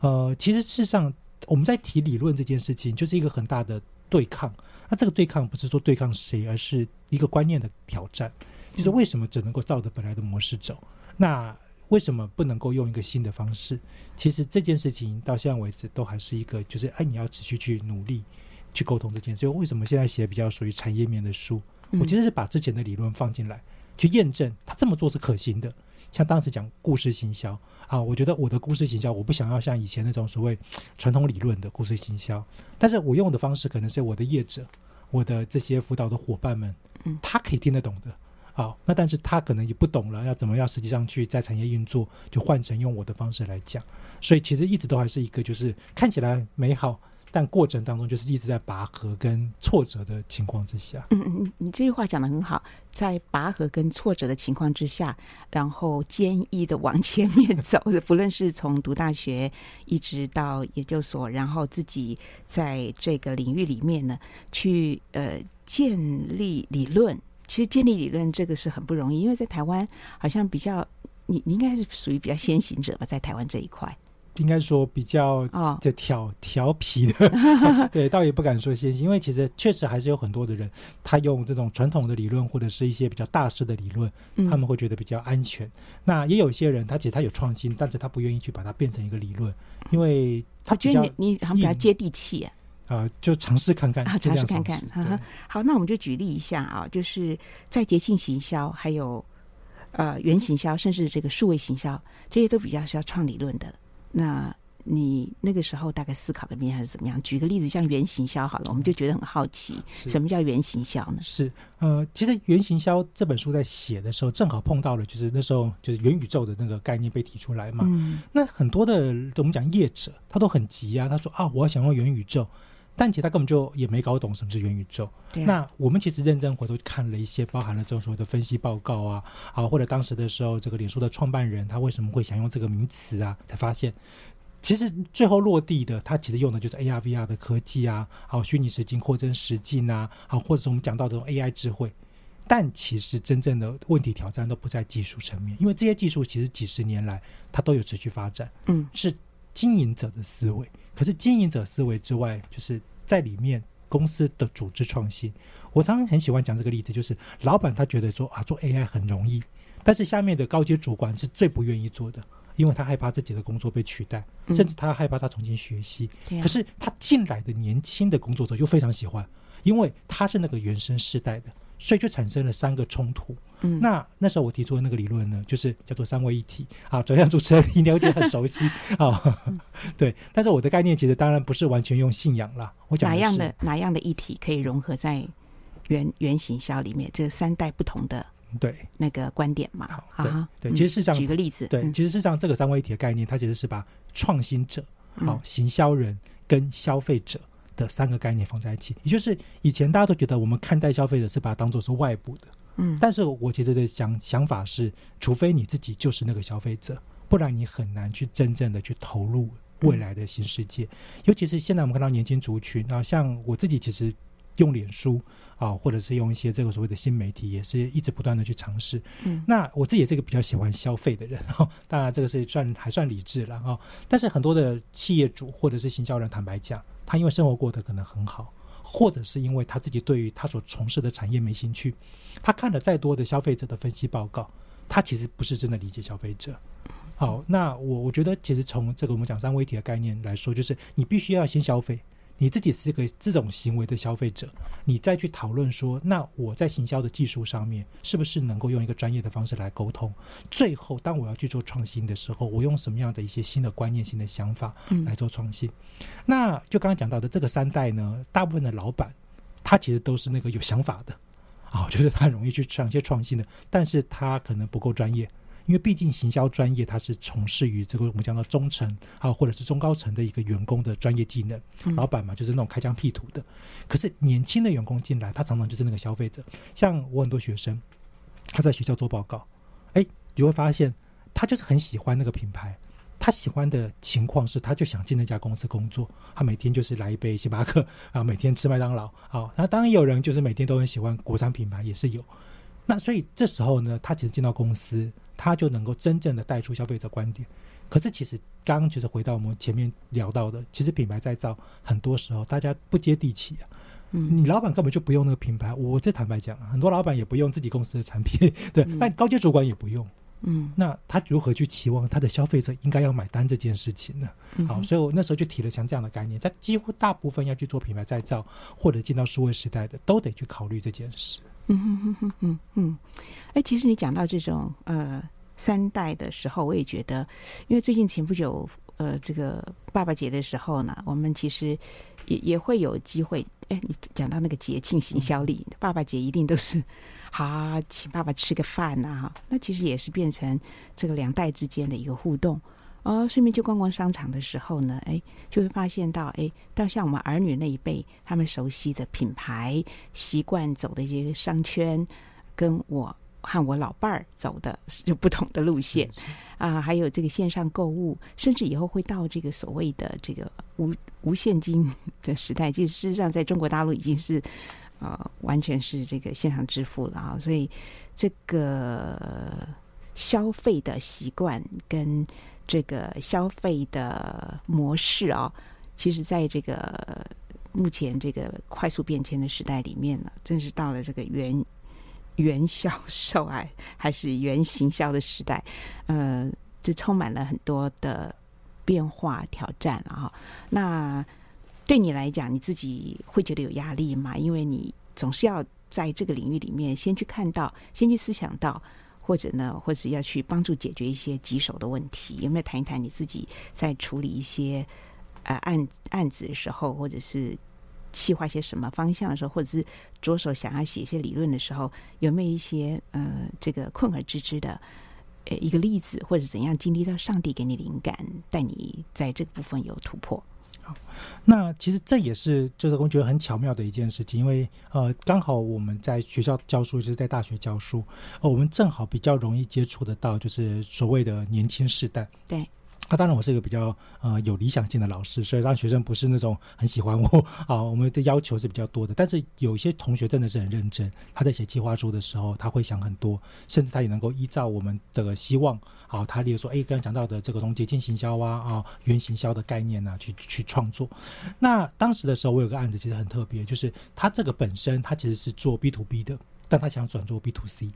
呃，其實事實上我們在提理論這件事情，就是一個很大的對抗。那這個對抗不是說對抗誰，而是一個觀念的挑戰，就是為什麼只能夠照着本來的模式走？那為什麼不能夠用一個新的方式？其實這件事情到現在為止都還是一個，就是誒，你要持續去努力去溝通這件事。為什麼現在寫比較屬於產業面的書？嗯。我其實是把之前的理論放進來，去驗證他這麼做是可行的。像當時講故事行銷啊，我覺得我的故事行銷，我不想要像以前那種所謂傳統理論的故事行銷，但是我用的方式可能是我的業者、我的這些輔導的夥伴們，他可以聽得懂的。嗯。好，那但是他可能也不懂了，要怎麼樣實際上去在產業運作，就換成用我的方式來講。所以其實一直都還是一個，就是看起來美好，但過程當中就是一直在拔河跟挫折的情況之下。嗯嗯，你這句話講得很好，在拔河跟挫折的情況之下，然後堅毅的往前面走，不論是從讀大學一直到研究所，然後自己在這個領域裡面呢，去呃建立理論。其實建立理論這個是很不容易，因為在台灣好像比較你你應該是屬於比較先行者吧，在台灣這一塊，應該說比較啊，就、哦、調調皮的、 哎，對，倒也不敢說先行，因為其實確實還是有很多的人，他用這種傳統的理論或者是一些比較大師的理論，他們會覺得比較安全。嗯、那也有一些人，他其實他有創新，但是他不願意去把它變成一個理論，因為他覺得你你好像比較接地氣、啊。呃、看看啊，就嘗試看看，嘗試看看。好，那我們就舉例一下啊，就是在節慶行銷，還有呃元行銷，甚至這個數位行銷，這些都比較需要創理論的。那你那個時候大概思考的面還是怎麼樣？舉個例子，像元行銷好了，我們就覺得很好奇，什麼叫元行銷呢？是呃，其實元行銷這本書在寫的時候，正好碰到了，就是那時候就是元宇宙的那個概念被提出來嘛。嗯、那很多的我們講業者，他都很急啊，他說啊，我要想用元宇宙。但其實他根本就也沒搞懂什麼是元宇宙。Yeah. 那我們其實認真回頭看了一些包含了這種所謂的分析報告啊，啊或者當時的時候，這個臉書的創辦人他為什麼會想用這個名詞啊？才發現，其實最後落地的他其實用的就是 AR、VR 的科技啊，啊虛擬實境擴增實境啊啊或者是我們講到這種 AI 智慧。但其實真正的問題挑戰都不在技術層面，因為這些技術其實幾十年來它都有持續發展。嗯，是。經營者的思維，可是經營者思維之外，就是在裡面公司的組織創新。我常常很喜歡講這個例子，就是老板他覺得說啊，做 AI 很容易，但是下面的高階主管是最不願意做的，因為他害怕自己的工作被取代，甚至他害怕他重新學習。嗯啊、可是他進來的年輕的工作者又非常喜歡，因為他是那個原生世代的，所以就產生了三個衝突。嗯、那那時候我提出的那個理論呢，就是叫做三位一體啊。走向主持人應該會覺得很熟悉啊、 哦。對，但是我的概念其實當然不是完全用信仰啦。我講哪樣的哪樣的一體可以融合在原原行銷裡面？這三代不同的對那個觀點嘛？啊，對。其實事實上、嗯，舉個例子，對，其實事實上這個三位一體的概念，它其實是把創新者、好、嗯哦、行銷人跟消費者的三個概念放在一起。也就是以前大家都覺得我們看待消費者是把它當做是外部的。嗯，但是我其實的想想法是，除非你自己就是那個消費者，不然你很難去真正的去投入未來的新世界。嗯、尤其是現在我們看到年輕族群啊，像我自己其實用臉書啊，或者是用一些這個所謂的新媒體，也是一直不斷的去嘗試。嗯，那我自己也是一個比較喜歡消費的人，哦、當然這個是算還算理智了啊、哦。但是很多的企業主或者是行銷人，坦白講，他因為生活過得可能很好。或者是因為他自己對於他所從事的產業沒興趣，他看了再多的消費者的分析報告，他其實不是真的理解消費者。好，那我我覺得其實從這個我們講三位一體的概念來說，就是你必須要先消費。你自己是一個這種行為的消費者，你再去討論說，那我在行銷的技術上面是不是能夠用一個專業的方式來溝通？最後，當我要去做創新的時候，我用什麼樣的一些新的觀念、新的想法來做創新？嗯、那就剛剛講到的這個三代呢，大部分的老闆，他其實都是那個有想法的啊，就是他很容易去上一些創新的，但是他可能不夠專業。因為畢竟行銷專業，它是從事於這個我們講到中層啊，或者是中高層的一個員工的專業技能。嗯、老闆嘛，就是那種開疆闢土的。可是年輕的員工進來，他常常就是那個消費者。像我很多學生，他在學校做報告，哎，你會發現他就是很喜歡那個品牌。他喜歡的情況是，他就想進那家公司工作。他每天就是來一杯星巴克啊，每天吃麥當勞啊。那當然有人就是每天都很喜歡國產品牌，也是有。那所以這時候呢，他其實進到公司，他就能夠真正的帶出消費者觀點，可是其實剛剛就是回到我們前面聊到的，其實品牌再造很多時候大家不接地氣啊。嗯，你老板根本就不用那個品牌，我這坦白講，很多老板也不用自己公司的產品，對，但高階主管也不用，嗯，那他如何去期望他的消費者應該要買單這件事情呢？好，所以我那時候就提了像這樣的概念，他幾乎大部分要去做品牌再造或者進到數位時代的，都得去考慮這件事。嗯哼哼哼哼嗯，哎、嗯嗯欸，其實你講到這種呃三代的時候，我也覺得，因為最近前不久呃這個爸爸節的時候呢，我們其實也也會有機會。哎、欸，你講到那個節慶行銷力、嗯，爸爸節一定都是好請爸爸吃個飯啊，那其實也是變成這個兩代之間的一個互動。哦，順便去逛逛商場的時候呢，哎，就會發現到哎，到像我們兒女那一輩，他們熟悉的品牌、習慣走的一些商圈，跟我和我老伴兒走的就不同的路線，是是啊。還有這個線上購物，甚至以後會到這個所謂的這個無無現金的時代，其實事實上，在中國大陸已經是呃，完全是這個線上支付了啊。所以這個消費的習慣跟這個消費的模式啊，哦，其實，在這個目前這個快速變遷的時代裡面呢，真是到了這個原原銷售啊，還是原行銷的時代，呃，這充滿了很多的變化挑戰了，哦、啊。那對你來講，你自己會覺得有壓力嗎？因為你總是要在這個領域裡面先去看到，先去思想到。或者呢，或者是要去幫助解決一些棘手的問題，有沒有談一談你自己在處理一些呃案案子的時候，或者是企劃些什麼方向的時候，或者是着手想要寫一些理論的時候，有沒有一些呃這個困而知之的呃一個例子，或者怎樣經歷到上帝給你靈感，帶你在這個部分有突破？那其實這也是就是我覺得很巧妙的一件事情，因為呃，剛好我們在學校教書，就是在大學教書，呃，我們正好比較容易接觸得到，就是所謂的年輕世代。對。那、啊、當然，我是一個比較呃有理想性的老師，所以當學生不是那種很喜歡我啊，我們的要求是比較多的。但是有些同學真的是很認真，他在寫計劃書的時候，他會想很多，甚至他也能夠依照我們的希望，好、啊，他例如說，誒，剛剛講到的這個從接近行銷啊，啊，原行銷的概念啊，去去創作。那當時的時候，我有個案子其實很特別，就是他這個本身他其實是做 B to B 的，但他想轉做 B to C，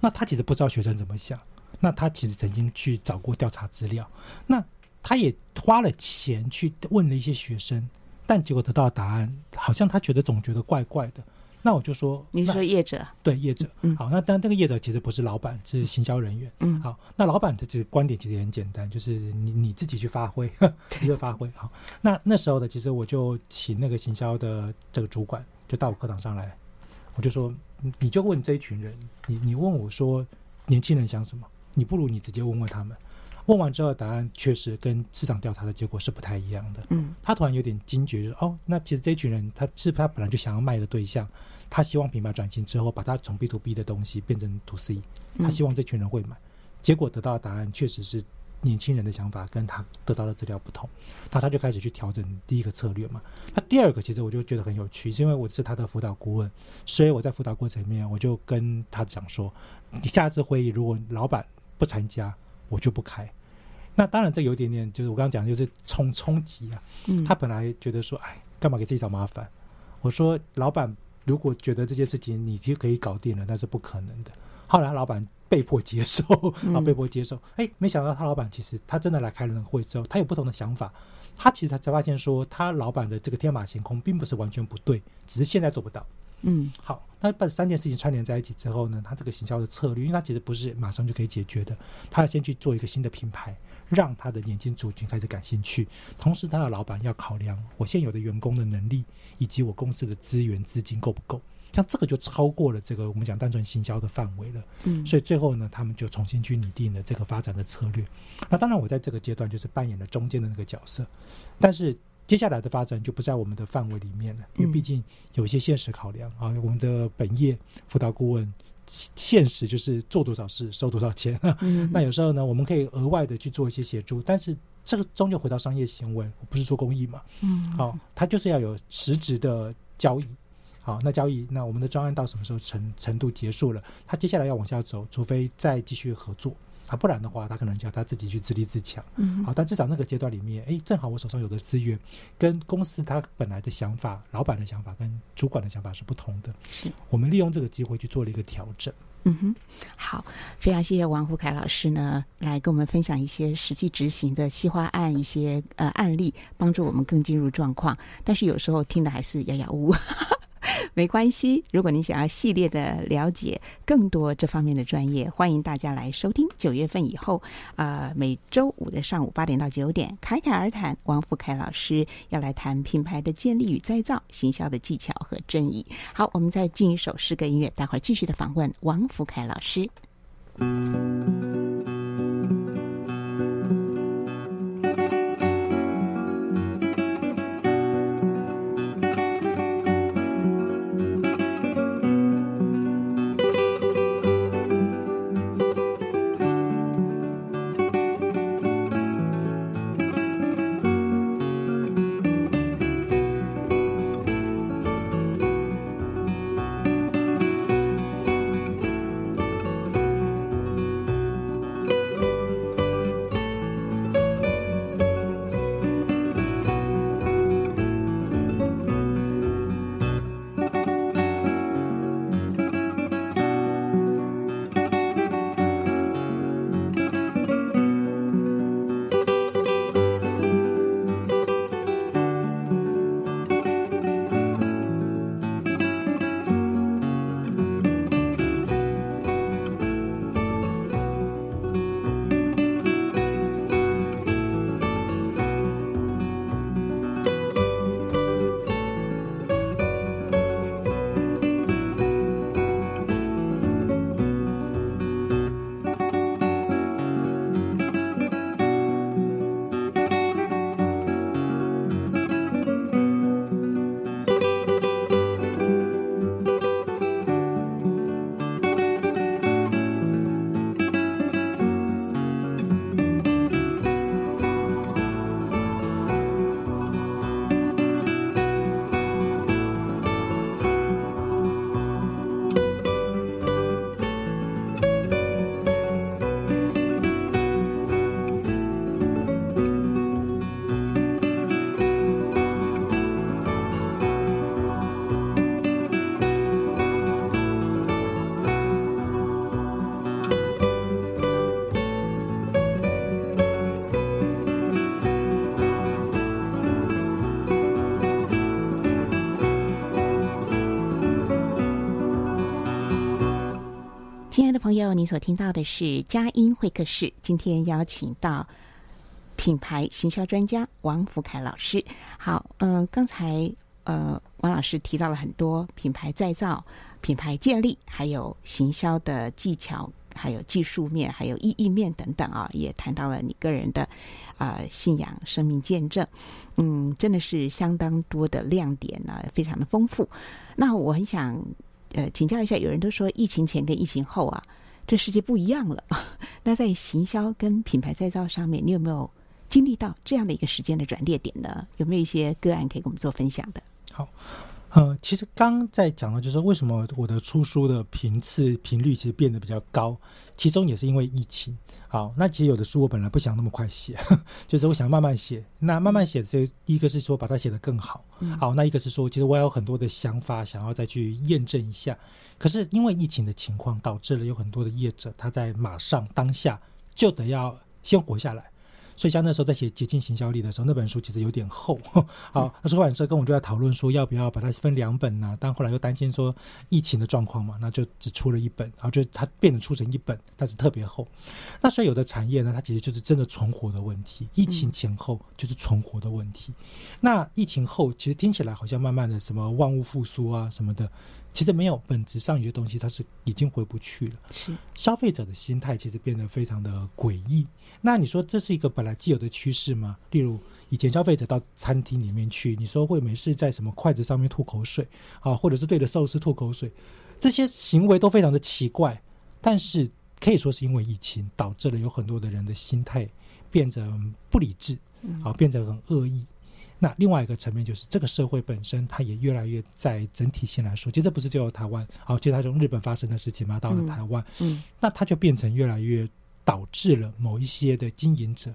那他其實不知道學生怎麼想。那他其實曾經去找過調查資料，那他也花了錢去問了一些學生，但結果得到的答案，好像他覺得總覺得怪怪的。那我就說，你說業者？對，業者。嗯，好。那當然，這個業者其實不是老闆，是行銷人員。嗯，好。那老闆的這個觀點其實很簡單，就是你你自己去發揮，你就發揮。好，那那時候呢，其實我就請那個行銷的這個主管就到我課堂上來，我就說，你就問這一群人，你你問我說，年輕人想什麼？你不如你直接問問他們，問完之後答案，確實跟市場調查的結果是不太一樣的。嗯，他突然有點驚覺，哦，那其實這群人，他是他本來就想要賣的對象，他希望品牌轉型之後，把他從 B to B 的東西變成 to C，他希望這群人會買。結果得到的答案確實是年輕人的想法，跟他得到的資料不同。那他就開始去調整第一個策略嘛。那第二個，其實我就覺得很有趣，是因為我是他的輔導顧問，所以我在輔導過程裡面，我就跟他講說：你下次會議如果老板。不參加，我就不開。那當然，這有一點點，就是我剛剛講的，就是衝衝擊啊、嗯。他本來覺得說，哎，幹嘛給自己找麻煩？我說，老板，如果覺得這件事情你就可以搞定了，那是不可能的。後來老板被迫接受，他被迫接受、嗯。哎，沒想到他老板其實他真的來開了會之後，他有不同的想法。他其實他才發現說，他老板的這個天馬行空並不是完全不對，只是現在做不到。嗯，好，那把三件事情串聯在一起之後呢，他這個行銷的策略，因為他其實不是馬上就可以解決的，他要先去做一個新的品牌，讓他的年輕族群開始感興趣，同時他的老板要考量我現有的員工的能力以及我公司的資源資金夠不夠，像這個就超過了這個我們講單純行銷的範圍了。嗯，所以最後呢，他們就重新去擬定了這個發展的策略。那當然，我在這個階段就是扮演了中間的那個角色，但是。接下來的發展就不在我們的範圍裡面了，因為畢竟有些現實考量，嗯，啊。我們的本業輔導顧問現實就是做多少事收多少錢，嗯呵呵，那有時候呢，我們可以額外的去做一些協助，但是這個終究回到商業行為，我不是做公益嘛。好，啊，它就是要有實質的交易。好，啊，那交易，那我們的專案到什麼時候程程度結束了，它接下來要往下走，除非再繼續合作。啊，不然的話，他可能就要他自己去自立自強。嗯，好，但至少那個階段裡面，哎，正好我手上有的資源跟公司他本來的想法、老闆的想法跟主管的想法是不同的。是，我們利用這個機會去做了一個調整。嗯哼，好，非常謝謝王福闓老師呢，來跟我們分享一些實際執行的企劃案一些呃，案例，幫助我們更進入狀況。但是有時候聽的還是啞啞無。 沒關係，如果您想要系列的了解更多這方面的專業，歡迎大家來收聽九月份以後啊、呃，每周五的上午八點到九點，闓闓而談，王福闓老師要來談品牌的建立與再造、行銷的技巧和真義。好，我們再進一首詩歌音樂，待會兒繼續的訪問王福闓老師。嗯朋友，你所聽到的是佳音會客室。今天邀請到品牌行銷專家王福闓老師。好，呃，剛才呃，王老師提到了很多品牌再造、品牌建立，還有行銷的技巧，還有技術面，還有意義面等等啊，也談到了你個人的啊、呃、信仰、生命見證。嗯，真的是相當多的亮點呢、啊，非常的豐富。那我很想。呃，請教一下，有人都說疫情前跟疫情後啊，這世界不一樣了。那在行銷跟品牌再造上面，你有沒有經歷到這樣的一個時間的轉捩點呢？有沒有一些個案可以跟我們做分享的？好。嗯，其實剛在講的就是為什麼我的出書的頻次頻率其實變得比較高，其中也是因為疫情。好，那其實有的書我本來不想那麼快寫，就是我想慢慢寫。那慢慢寫的這一個是說把它寫得更好，好，那一個是說其實我有很多的想法想要再去驗證一下。可是因為疫情的情況，導致了有很多的業者他在馬上當下就得要先活下來。所以像那時候在寫《捷徑行銷力》的時候，那本書其實有點厚。好，那出版社跟我就在討論說要不要把它分兩本呢、啊？但後來又擔心說疫情的狀況嘛，那就只出了一本，然、啊、後就它變得出成一本，但是特別厚。那所以有的產業呢，它其實就是真的存活的問題。疫情前後就是存活的問題。嗯、那疫情後其實聽起來好像慢慢的什麼萬物復甦啊什麼的。其實沒有本質上有些東西，它是已經回不去了，是消費者的心態其實變得非常的詭異。那你說這是一個本來既有的趨勢嗎？例如以前消費者到餐廳裡面去，你說會沒事在什麼筷子上面吐口水啊，或者是對着壽司吐口水，這些行為都非常的奇怪。但是可以說是因為疫情導致了有很多的人的心態變得不理智，啊，變得很惡意。那另外一個層面就是，這個社會本身它也越來越在整體性來說，其實這不是只有台灣，好、啊，其實它從日本發生的事情嘛，到了台灣嗯，嗯，那它就變成越來越導致了某一些的經營者，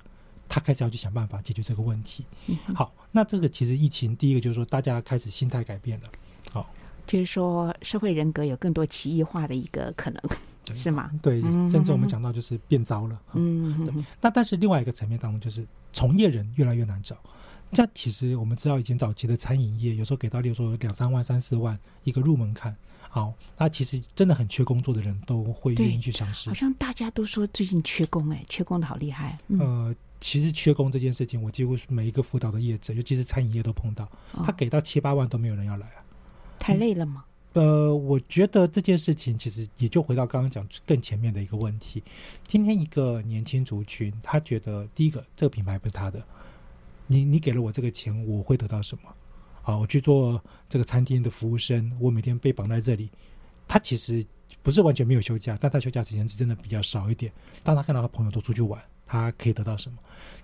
他開始要去想辦法解決這個問題。嗯、好，那這個其實疫情、嗯、第一個就是說，大家開始心態改變了，好，就是說社會人格有更多歧義化的一個可能，是嗎？對、嗯，甚至我們講到就是變糟了，嗯，對。嗯嗯、對，那但是另外一個層面當中，就是從業人越來越難找。那其實我們知道，以前早期的餐飲業有時候給到，例如說兩三萬、三四萬一個入門檻。好，那其實真的很缺工作的人都會願意去嘗試,試。好像大家都說最近缺工、欸，誒，缺工的好厲害、嗯。呃，其實缺工這件事情，我幾乎是每一個輔導的業者，尤其是餐飲業都碰到，他給到七八萬都沒有人要來啊。哦嗯、太累了嗎？呃，我覺得這件事情其實也就回到剛剛講更前面的一個問題。今天一個年輕族群，他覺得第一個，這個品牌不是他的。你你給了我這個錢，我會得到什麼？啊，我去做這個餐廳的服務生，我每天被綁在這裡。他其實不是完全沒有休假，但他休假時間是真的比較少一點。當他看到他朋友都出去玩，他可以得到什麼？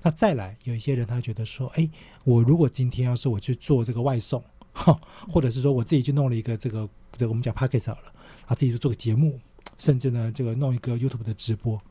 那再來，有一些人他覺得說，哎，我如果今天要是我去做這個外送，哈，或者是說我自己去弄了一個這個，這個我們講 package 好了，啊，自己去做個節目，甚至呢，這個弄一個 YouTube 的直播。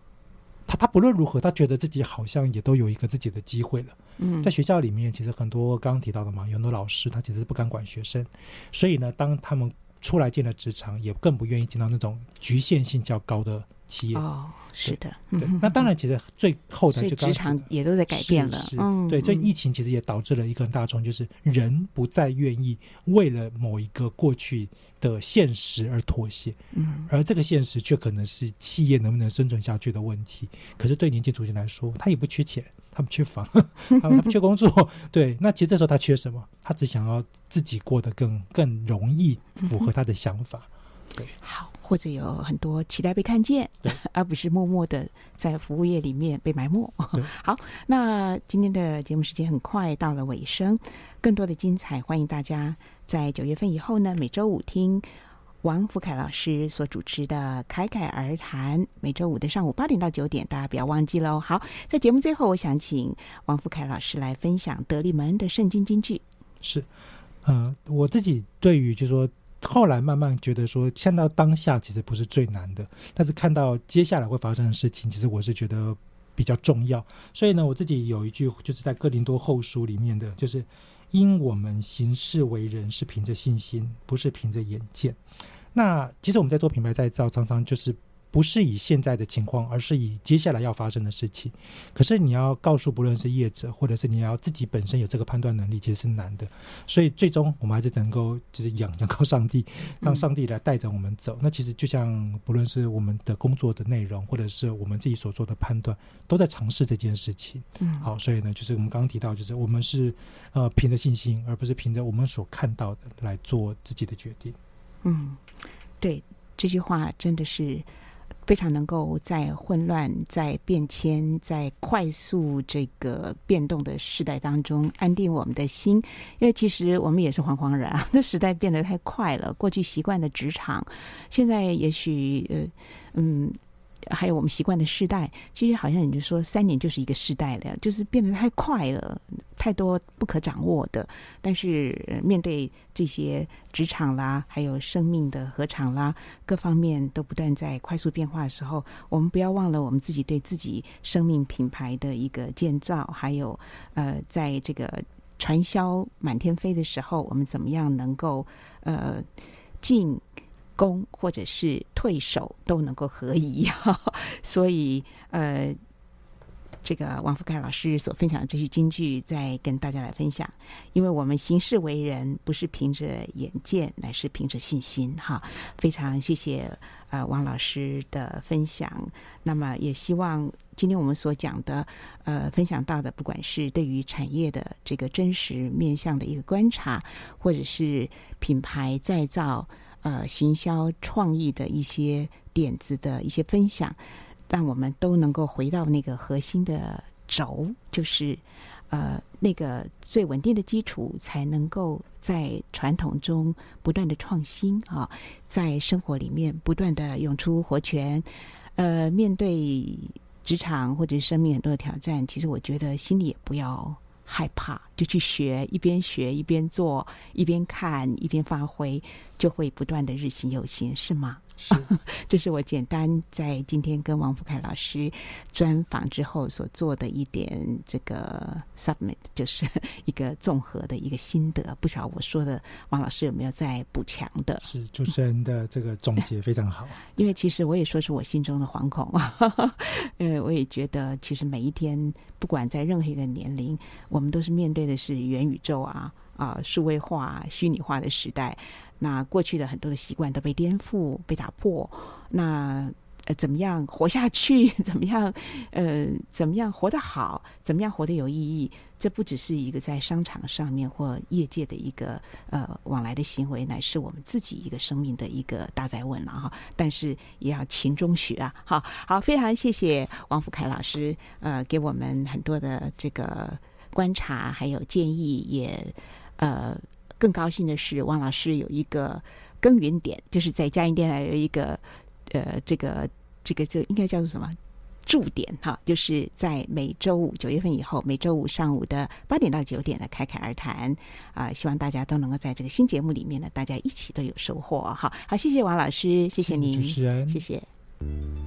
他他，不論如何，他覺得自己好像也都有一個自己的機會了。嗯，在學校裡面，其實很多剛剛提到的嘛，有很多老師他其實不敢管學生，所以呢，當他們出來進了職場，也更不願意見到那種局限性較高的企業哦，是的，對，嗯、那當然，其實最後就剛的就職場也都在改變了，是是嗯、對，這、嗯、疫情其實也導致了一個很大衝，就是人不再願意為了某一個過去的現實而妥協，嗯，而這個現實卻可能是企業能不能生存下去的問題。嗯、可是對年輕族群來說，他也不缺錢，他不缺房，嗯、 他不缺工作，對，那其實這時候他缺什麼？他只想要自己過得更更容易，符合他的想法。嗯對，好，或者有很多期待被看見，對，而不是默默的在服務業裡面被埋沒。好，那今天的節目時間很快到了尾聲，更多的精彩，歡迎大家在九月份以後呢，每周五聽王福闓老師所主持的《闓闓而談》，每周五的上午八點到九點，大家不要忘記嘍。好，在節目最後，我想請王福闓老師來分享德利門的聖經金句。是，啊、呃，我自己對於就是說。後來慢慢覺得說，看到當下其實不是最難的，但是看到接下來會發生的事情，其實我是覺得比較重要。所以呢，我自己有一句就是在《哥林多後書》裡面的，就是“因我們行事為人是憑着信心，不是憑着眼見。”那其實我們在做品牌再造，常常就是。不是以現在的情況，而是以接下來要發生的事情。可是你要告訴，不論是業者，或者是你要自己本身有這個判斷能力，其實是難的。所以最終我們還是能夠，就是仰仰靠上帝，讓上帝來帶着我們走。嗯，那其實就像不論是我們的工作的內容，或者是我們自己所做的判斷，都在嘗試這件事情。嗯，好，所以呢，就是我們剛剛提到，就是我們是呃憑着信心，而不是憑着我們所看到的來做自己的決定。嗯，對，這句話真的是。非常能夠在混亂、在變遷、在快速這個變動的時代當中安定我們的心，因為其實我們也是惶惶人啊。這 時代變得太快了，過去習慣的職場，現在也許呃，嗯。還有我們習慣的世代，其實好像你就說三年就是一個世代了，就是變得太快了，太多不可掌握的。但是面對這些職場啦，還有生命的合場啦，各方面都不斷在快速變化的時候，我們不要忘了我們自己對自己生命品牌的一個建造，還有呃，在這個傳銷滿天飛的時候，我們怎麼樣能夠呃進。攻或者是退守都能夠合一， 所以呃，這個王福闓老師所分享的這些金句，再跟大家來分享。因為我們行事為人，不是憑着眼見，乃是憑着信心。哈，非常謝謝呃，王老師的分享。那麼也希望今天我們所講的，呃，分享到的，不管是對於產業的這個真實面向的一個觀察，或者是品牌再造。呃，行銷創意的一些點子的一些分享，讓我們都能夠回到那個核心的軸，就是呃那個最穩定的基礎，才能夠在傳統中不斷的創新啊，在生活裡面不斷的湧出活泉。呃，面對職場或者是生命很多的挑戰，其實我覺得心裡也不要害怕，就去學，一邊學一邊做，一邊看一邊發揮，就會不斷的日新又新，是嗎？是， 這是我簡單在今天跟王福闓老師專訪之後所做的一點這個 submit，就是一個綜合的一個心得。不曉得我說的，王老師有沒有在補強的？是，主持人的這個總結非常好。 因為其實我也說出我心中的惶恐啊， 因為我也覺得其實每一天，不管在任何一個年齡，我們都是面對的是元宇宙啊啊，數位化、虛擬化的時代。那過去的很多的習慣都被顛覆、被打破。那呃，怎麼樣活下去？怎麼樣，呃，怎麼樣活得好？怎麼樣活得有意義？這不只是一個在商場上面或業界的一個呃往來的行為，乃是我們自己一個生命的一個大哉問了、啊、哈。但是也要勤中學，啊。好好非常謝謝王福闓老師呃給我們很多的這個觀察還有建議也，也呃。更高興的是，王老師有一個耕耘點，就是在佳音電台有一個，呃，這個這個就應該叫做什麼駐點哈，就是在每周五九月份以後，每周五上午的八點到九點的闓闓而談啊、呃，希望大家都能夠在這個新節目裡面呢，大家一起都有收穫哈。好，謝謝王老師，謝謝您，謝謝。